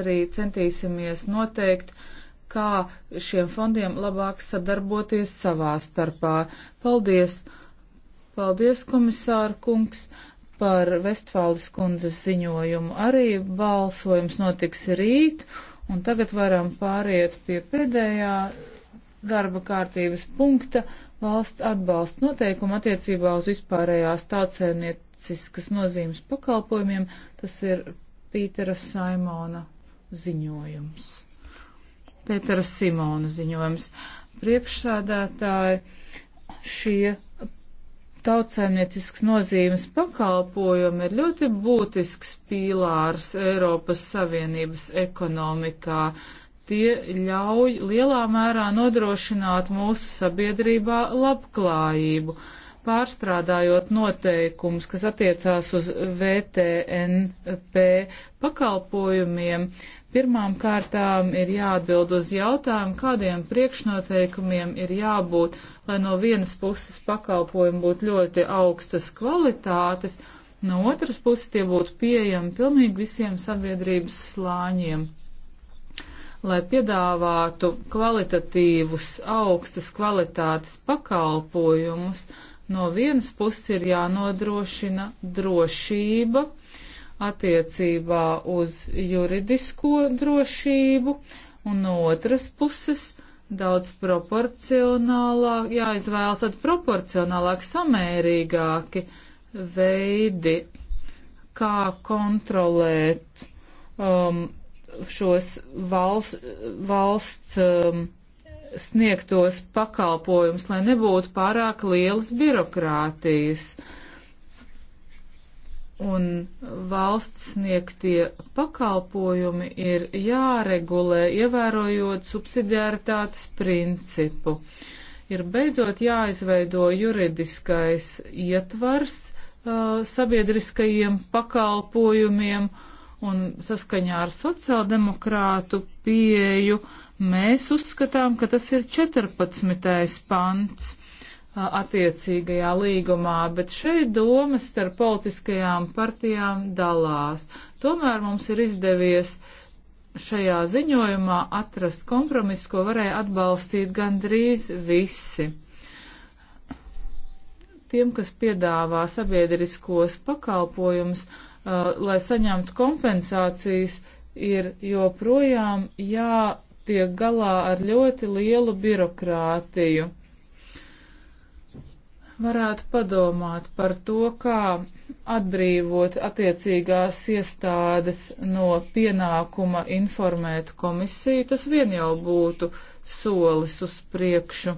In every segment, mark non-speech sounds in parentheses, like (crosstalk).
arī centīsimies noteikt, kā šiem fondiem labāk sadarboties savā starpā. Paldies! Paldies, komisāra kungs! Par Vestfāles kundzes ziņojumu arī balsojums notiks rīt, un tagad varam pāriet pie pēdējā darba kārtības punkta valsts atbalsta noteikuma attiecībā uz vispārējās tautsēmnieciskas nozīmes pakalpojumiem, tas ir Pītera Saimona ziņojums. Pētera Simona ziņojums. Priekšsādātāji šie tautsaimniecisks nozīmes pakalpojumi ir ļoti būtisks pīlārs Eiropas Savienības ekonomikā. Tie ļauj lielā mērā nodrošināt mūsu sabiedrībā labklājību pārstrādājot noteikumus, kas attiecās uz VTNP pakalpojumiem, pirmām kārtām ir jāatbild uz jautājumu, kādiem priekšnoteikumiem ir jābūt, lai no vienas puses pakalpojumi būtu ļoti augstas kvalitātes, no otras puses tie būtu pieejami pilnīgi visiem sabiedrības slāņiem. Lai piedāvātu kvalitatīvus, augstas kvalitātes pakalpojumus, uh, No vienas puses ir jānodrošina drošība attiecībā uz juridisko drošību, un no otras puses daudz proporcionālāk, jāizvēlas tad proporcionālāk, samērīgāki veidi, kā kontrolēt um, šos valsts, valsts um, sniegtos pakalpojumus, lai nebūtu pārāk lielas birokrātijas. Un valsts sniegtie pakalpojumi ir jāregulē, ievērojot subsidiaritātes principu. Ir beidzot jāizveido juridiskais ietvars uh, sabiedriskajiem pakalpojumiem un saskaņā ar sociāldemokrātu pieju uh, Mēs uzskatām, ka tas ir 14. pants attiecīgajā līgumā, bet šeit domas starp politiskajām partijām dalās. Tomēr mums ir izdevies šajā ziņojumā atrast kompromisu, ko varēja atbalstīt gandrīz visi. Tiem, kas piedāvā sabiedriskos pakalpojumus, uh, lai saņemtu kompensācijas, ir joprojām jā tiek galā ar ļoti lielu birokrātiju. Varētu padomāt par to, kā atbrīvot attiecīgās iestādes no pienākuma informēt komisiju. Tas vien jau būtu solis uz priekšu.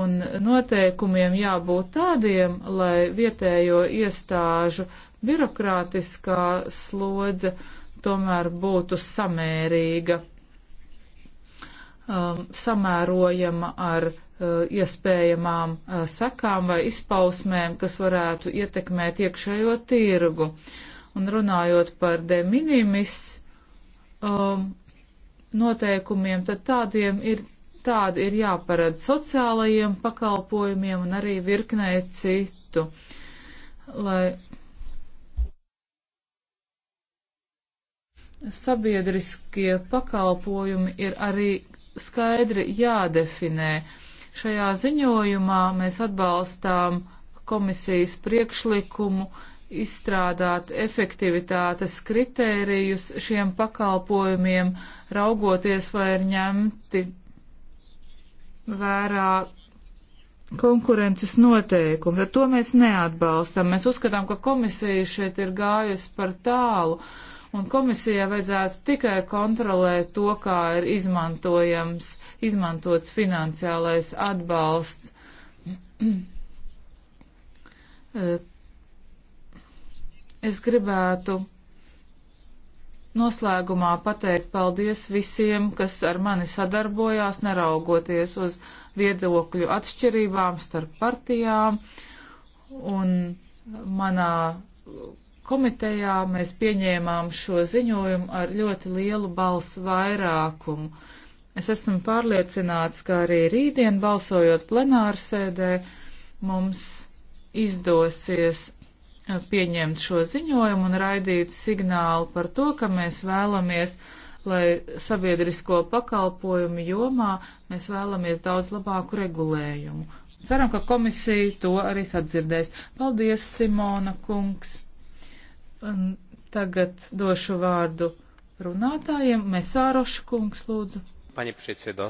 Un noteikumiem jābūt tādiem, lai vietējo iestāžu birokrātiskā slodze tomēr būtu samērīga um, samērojama ar uh, iespējamām uh, sekām vai izpausmēm, kas varētu ietekmēt iekšējo tirgu. Un runājot par de minimis um, noteikumiem, tad tādiem ir, tādi ir jāparedz sociālajiem pakalpojumiem un arī virknē citu. Lai sabiedriskie pakalpojumi ir arī skaidri jādefinē. Šajā ziņojumā mēs atbalstām komisijas priekšlikumu izstrādāt efektivitātes kritērijus šiem pakalpojumiem, raugoties vai ir ņemti vērā konkurences noteikumi. Tad to mēs neatbalstam. Mēs uzskatām, ka komisija šeit ir gājusi par tālu. Uh, un komisijai vajadzētu tikai kontrolēt to, kā ir izmantojams, izmantots finansiālais atbalsts. (clears throat) Eh, es gribētu noslēgumā pateikt paldies visiem, kas ar mani sadarbojās, neraugoties uz viedokļu atšķirībām starp partijām. Un manā komitejā mēs pieņēmām šo ziņojumu ar ļoti lielu balsu vairākumu. Es esmu pārliecināts, ka arī rītdien balsojot plenārsēdē mums izdosies eh, pieņemt šo ziņojumu un raidīt signālu par to, ka mēs vēlamies, lai sabiedrisko pakalpojumu jomā mēs vēlamies daudz labāku regulējumu. Ceram, ka komisija to arī sadzirdēs. Paldies, Simona kungs! Un tagad došu vārdu runātājiem. Mesāroša kungs, lūdzu. Pani Prisida,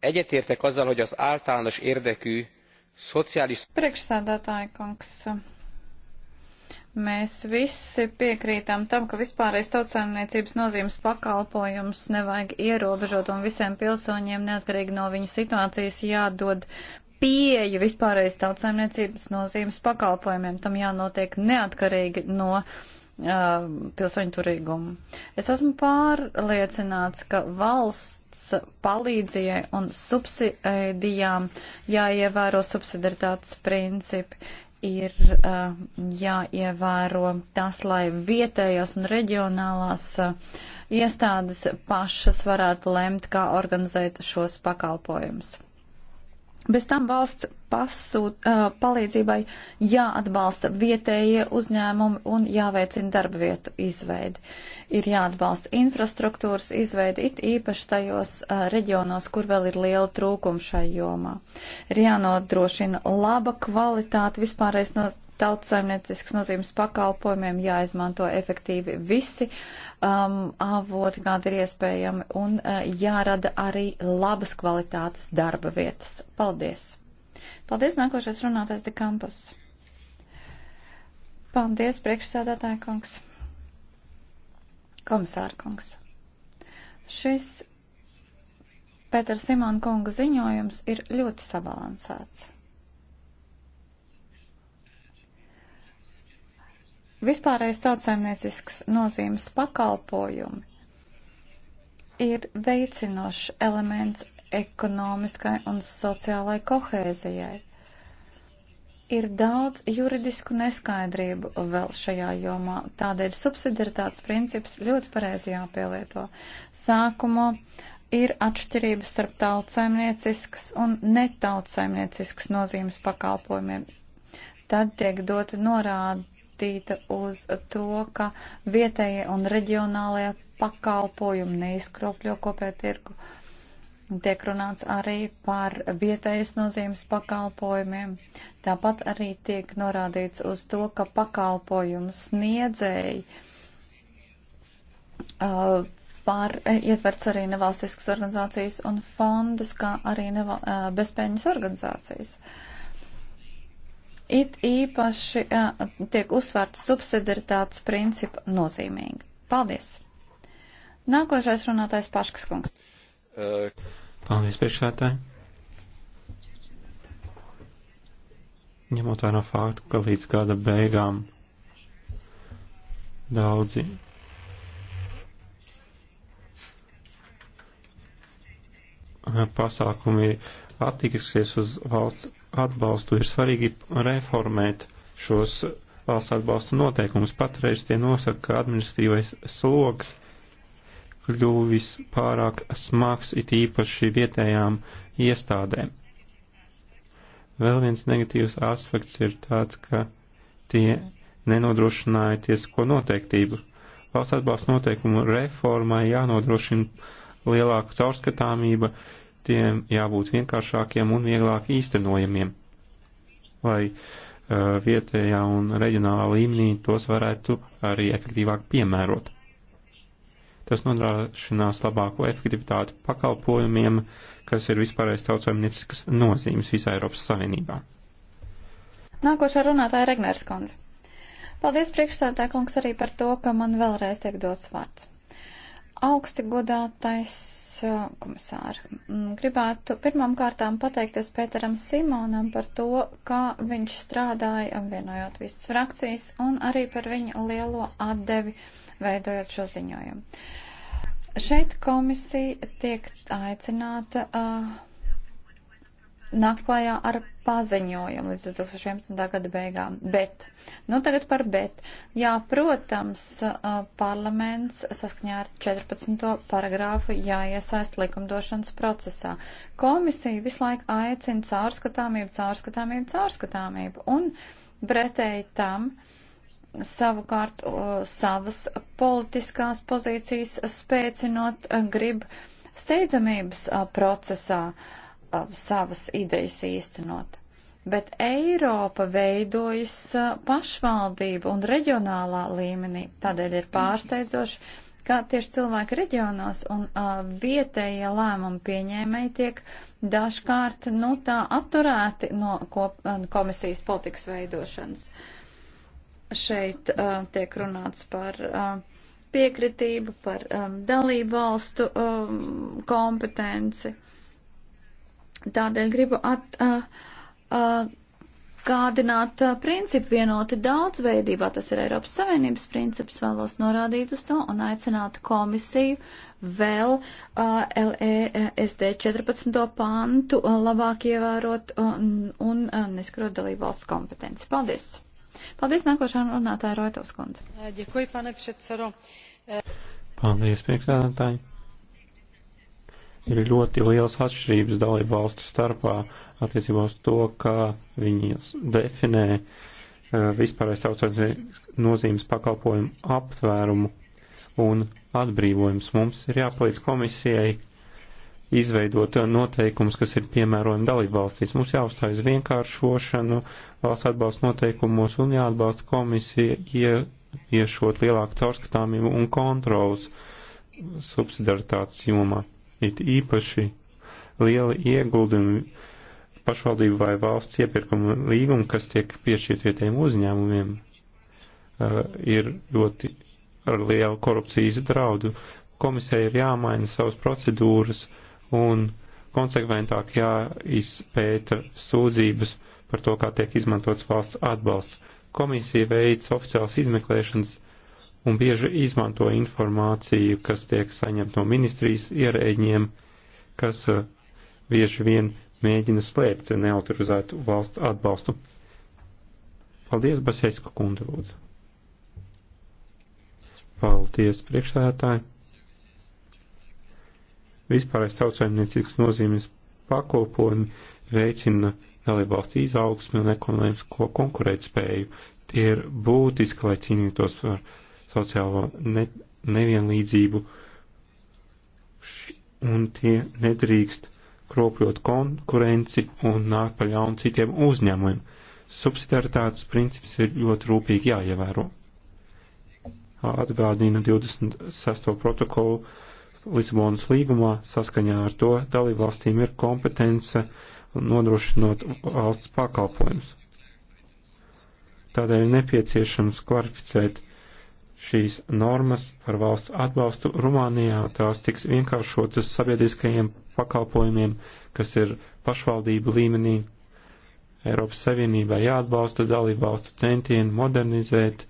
egyetértek azzal, hogy az általános érdekű szociális... Priekšsēdētāja kungs, mēs visi piekrītam tam, ka vispārreiz tautsēmniecības nozīmes pakalpojums nevajag ierobežot un visiem pilsoņiem neatkarīgi no viņu situācijas jādod pieeja vispārreiz tautsaimniecības nozīmes pakalpojumiem. Tam jānotiek neatkarīgi no uh, pilsoņu turīgumu. Es esmu pārliecināts, ka valsts palīdzijai un subsidijām jāievēro subsidaritātes principi, ir uh, jāievēro tas, lai vietējās un reģionālās uh, iestādes pašas varētu lemt, kā organizēt šos pakalpojumus. Bez tam valsts pasūt, palīdzībai jāatbalsta vietējie uzņēmumi un jāveicina darba vietu izveidi. Ir jāatbalsta infrastruktūras izveidi, it īpaši tajos reģionos, kur vēl ir liela trūkuma šai jomā. Ir jānodrošina laba kvalitāte vispārreiz no tautsaimniecisks nozīmes pakalpojumiem jāizmanto efektīvi visi um, avoti, kādi ir iespējami, un uh, jārada arī labas kvalitātes darba vietas. Paldies! Paldies, nākošais runātais de Campus. Paldies, priekšsēdētāja kungs. Komisāra kungs. Šis Pēters Simona kunga ziņojums ir ļoti sabalansēts. Vispārējais tautsaimniecisks nozīmes pakalpojumi ir veicinošs elements ekonomiskai un sociālai kohēzijai. Ir daudz juridisku neskaidrību vēl šajā jomā, tādēļ subsidiaritātes princips ļoti pareizi jāpielieto. Sākumā ir atšķirības starp tautsaimniecisks un netautsaimniecisks nozīmes pakalpojumiem. Tad tiek doti norādi balstīta uz to, ka vietējie un reģionālajie pakalpojumi neizkropļo kopēju tirgu. Tiek runāts arī par vietējas nozīmes pakalpojumiem. Tāpat arī tiek norādīts uz to, ka pakalpojumu sniedzēji uh, pār ietverts arī nevalstiskas organizācijas un fondus, kā arī neval, uh, bezpēļņas organizācijas. Uh, It īpaši tiek uzsvērts subsidiaritātes principu nozīmīgi. Paldies! Nākošais runātājs Paškas kungs. Paldies, priekšētāji! Ņemot vērā no faktu, ka līdz gada beigām daudzi pasākumi attieksies uz valsts atbalstu ir svarīgi reformēt šos valsts atbalsta noteikumus. Patreiz tie nosaka, ka administratīvais sloks kļuvis pārāk smags it īpaši vietējām iestādēm. Vēl viens negatīvs aspekts ir tāds, ka tie nenodrošināja tiesisko noteiktību. Valsts atbalsta noteikumu reformai jānodrošina lielāka caurskatāmība, uh, tiem jābūt vienkāršākiem un vieglāk īstenojamiem, lai vietējā un reģionālā līmenī tos varētu arī efektīvāk piemērot. Tas nodrošinās labāko efektivitāti pakalpojumiem, kas ir vispārējais tautsājumnieciskas nozīmes visā Eiropas Savienībā. Nākošā runātāja Regners Konze. Paldies priekšstādā kungs arī par to, ka man vēlreiz tiek dots vārds. Augsti godātais uh, komisāri, mm, gribētu pirmām kārtām pateikties Pēteram Simonam par to, kā viņš strādāja, apvienojot visas frakcijas, un arī par viņa lielo atdevi veidojot šo ziņojumu. Šeit komisija tiek aicināta uh, nākt klajā ar paziņojumu līdz 2011. gada beigām. Bet, nu tagad par bet. Jā, protams, uh, parlaments saskaņā ar 14. paragrāfu jāiesaist likumdošanas procesā. Komisija visu laiku aicina caurskatāmību, caurskatāmību, caurskatāmību. Un pretēji tam savukārt uh, savas politiskās pozīcijas spēcinot uh, grib steidzamības procesā. Uh, Uh, savas idejas īstenot. Bet Eiropa veidojas uh, pašvaldību un reģionālā līmenī, tādēļ ir pārsteidzoši, kā tieši cilvēki reģionos un uh, vietējie lēmumu pieņēmēji tiek dažkārt nu, tā atturēti no kop, uh, komisijas politikas veidošanas. Šeit uh, tiek runāts par uh, piekritību, par um, dalību valstu um, kompetenci. Uh, Tādēļ gribu at, uh, uh, kādināt uh, principu vienoti daudzveidībā, tas ir Eiropas Savienības princips, vēlos norādīt uz to un aicināt komisiju vēl uh, LESD 14. pantu uh, labāk ievērot un, un uh, neskrot dalību valsts kompetenci. Paldies! Paldies nākošā runātāja Roitovs kundze. Paldies, priekšsēdētāji! ir ļoti liels atšķirības dalību valstu starpā attiecībā uz to, kā viņi definē eh, vispārējais tautsājums nozīmes pakalpojumu aptvērumu un atbrīvojums. Mums ir jāpalīdz komisijai izveidot noteikumus, kas ir piemērojami dalību valstīs. Mums jāuzstājas vienkāršošanu valsts atbalsta noteikumos un jāatbalsta komisija ieviešot lielāku caurskatāmību un kontrolas subsidaritātes jomā it īpaši liela ieguldījuma pašvaldību vai valsts iepirkuma līguma, kas tiek piešķirt vietējiem uzņēmumiem, uh, ir ļoti ar lielu korupcijas draudu. Komisija ir jāmaina savas procedūras un konsekventāk jāizpēta sūdzības par to, kā tiek izmantots valsts atbalsts. Komisija veids oficiāls izmeklēšanas un bieži izmanto informāciju, kas tiek saņemta no ministrijas ierēģiem, kas uh, bieži vien mēģina slēpt neautorizētu valstu atbalstu. Paldies, Basēska kundze, lūdzu. Paldies, priekšsēdētāji. Vispārējais tautsājumniecības nozīmes pakalpojumi veicina dalībvalstu izaugsmi un ekonomisko konkurētspēju. Tie ir būtiski, lai cīnītos par sociālo ne, nevienlīdzību, un tie nedrīkst kropļot konkurenci un nākt pa ļaunu citiem uzņēmumiem. Subsidiaritātes princips ir ļoti rūpīgi jāievēro. Atgādina 26. protokolu Lisabonas līgumā, saskaņā ar to dalībvalstīm ir kompetence nodrošinot valsts pakalpojumus. Tādēļ ir nepieciešams kvalificēt šīs normas par valsts atbalstu Rumānijā, tās tiks vienkāršotas sabiedriskajiem pakalpojumiem, kas ir pašvaldību līmenī. Eiropas Savienībā jāatbalsta dalību valstu centieni modernizēt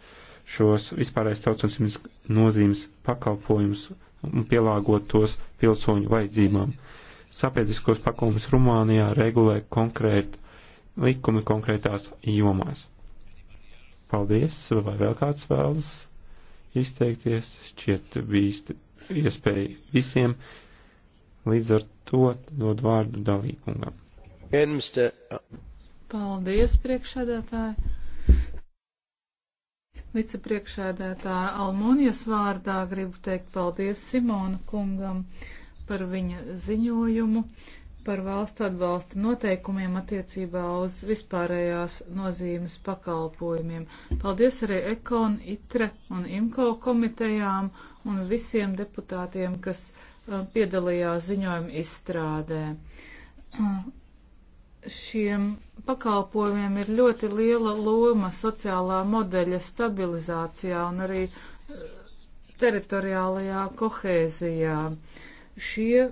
šos vispārējais tautsonsības nozīmes pakalpojumus un pielāgot tos pilsoņu vajadzībām. Sabiedriskos pakalpojumus Rumānijā regulē konkrēti likumi konkrētās jomās. Paldies, vai vēl kāds vēlas? izteikties, šķiet bija iespēja visiem, līdz ar to dod vārdu dalīkungam. Uh, paldies, priekšsēdētāji! Vicepriekšēdētāja Almonijas vārdā gribu teikt paldies Simona kungam par viņa ziņojumu par valsts atbalsta noteikumiem attiecībā uz vispārējās nozīmes pakalpojumiem. Paldies arī Ekon, ITRE un IMKO komitejām un visiem deputātiem, kas uh, piedalījās ziņojuma izstrādē. Uh, šiem pakalpojumiem ir ļoti liela loma sociālā modeļa stabilizācijā un arī uh, teritoriālajā kohēzijā. Šie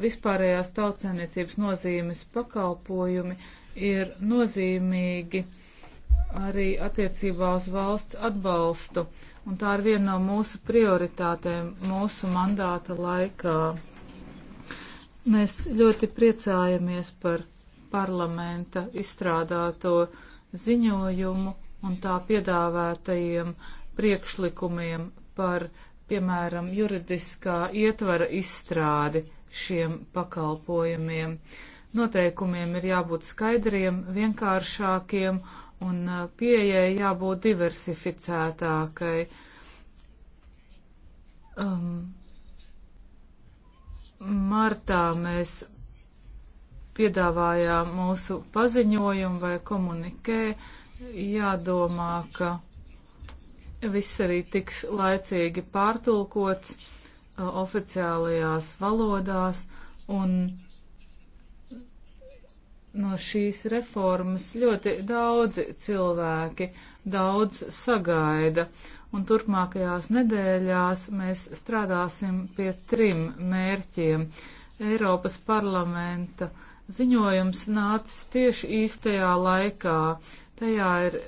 vispārējās tautsēmniecības nozīmes pakalpojumi ir nozīmīgi arī attiecībā uz valsts atbalstu, un tā ir viena no mūsu prioritātēm mūsu mandāta laikā. Mēs ļoti priecājamies par parlamenta izstrādāto ziņojumu un tā piedāvātajiem priekšlikumiem par, piemēram, juridiskā ietvara izstrādi šiem pakalpojumiem. Noteikumiem ir jābūt skaidriem, vienkāršākiem un uh, pieejai jābūt diversificētākai. Um, martā mēs piedāvājām mūsu paziņojumu vai komunikē, jādomā, ka viss arī tiks laicīgi pārtulkots oficiālajās valodās, un no šīs reformas ļoti daudzi cilvēki daudz sagaida, un turpmākajās nedēļās mēs strādāsim pie trim mērķiem. Eiropas parlamenta ziņojums nācis tieši īstajā laikā. Tajā ir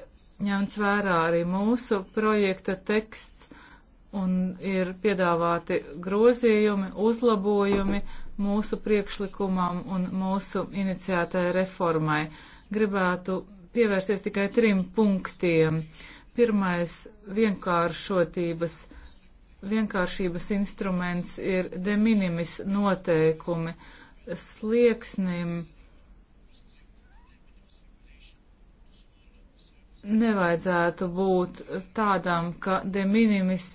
ņemts vērā arī mūsu projekta teksts un ir piedāvāti grozījumi, uzlabojumi mūsu priekšlikumam un mūsu iniciētajai reformai. Gribētu pievērsties tikai trim punktiem. Pirmais vienkāršotības, vienkāršības instruments ir de minimis noteikumi slieksnim. Nevajadzētu būt tādam, ka de minimis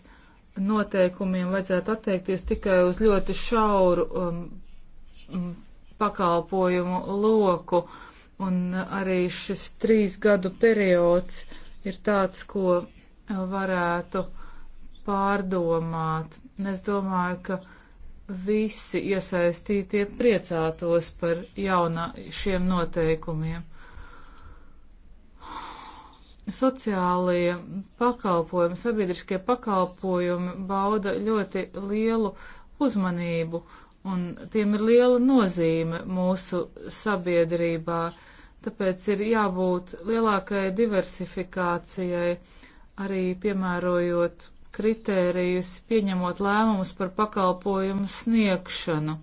noteikumiem vajadzētu attiekties tikai uz ļoti šauru um, pakalpojumu loku, un uh, arī šis trīs gadu periods ir tāds, ko uh, varētu pārdomāt. Un es domāju, ka visi iesaistītie priecātos par jaunā šiem noteikumiem. Sociālie pakalpojumi, sabiedriskie pakalpojumi bauda ļoti lielu uzmanību, un tiem ir liela nozīme mūsu sabiedrībā. Tāpēc ir jābūt lielākai diversifikācijai, arī piemērojot kritērijus, pieņemot lēmumus par pakalpojumu sniegšanu.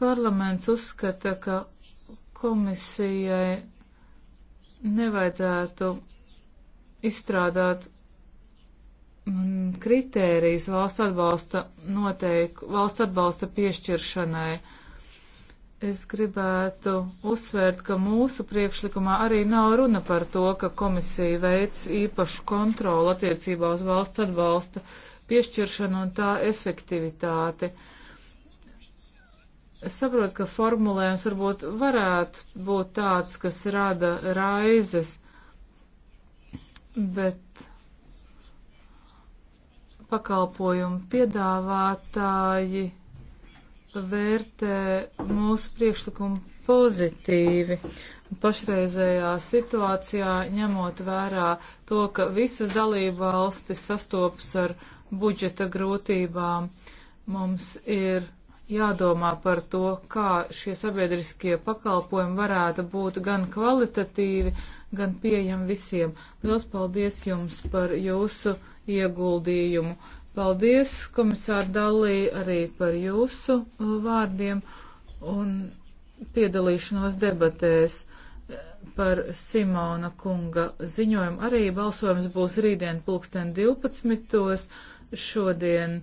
Parlaments uzskata, ka komisijai nevajadzētu izstrādāt mm, kritērijas valsts atbalsta noteik, valsts atbalsta piešķiršanai. Es gribētu uzsvērt, ka mūsu priekšlikumā arī nav runa par to, ka komisija veic īpašu kontroli attiecībā uz valsts atbalsta piešķiršanu un tā efektivitāti. Uh, Es saprotu, ka formulējums varbūt varētu būt tāds, kas rada raizes, bet pakalpojumu piedāvātāji vērtē mūsu priekšlikumu pozitīvi. Pašreizējā situācijā, ņemot vērā to, ka visas dalība valstis sastopas ar budžeta grūtībām, mums ir jādomā par to, kā šie sabiedriskie pakalpojumi varētu būt gan kvalitatīvi, gan pieejami visiem. Liels paldies jums par jūsu ieguldījumu. Paldies, komisār Dallī, arī par jūsu uh, vārdiem un piedalīšanos debatēs par Simona kunga ziņojumu. Arī balsojums būs rītdien pulksten 12. šodien.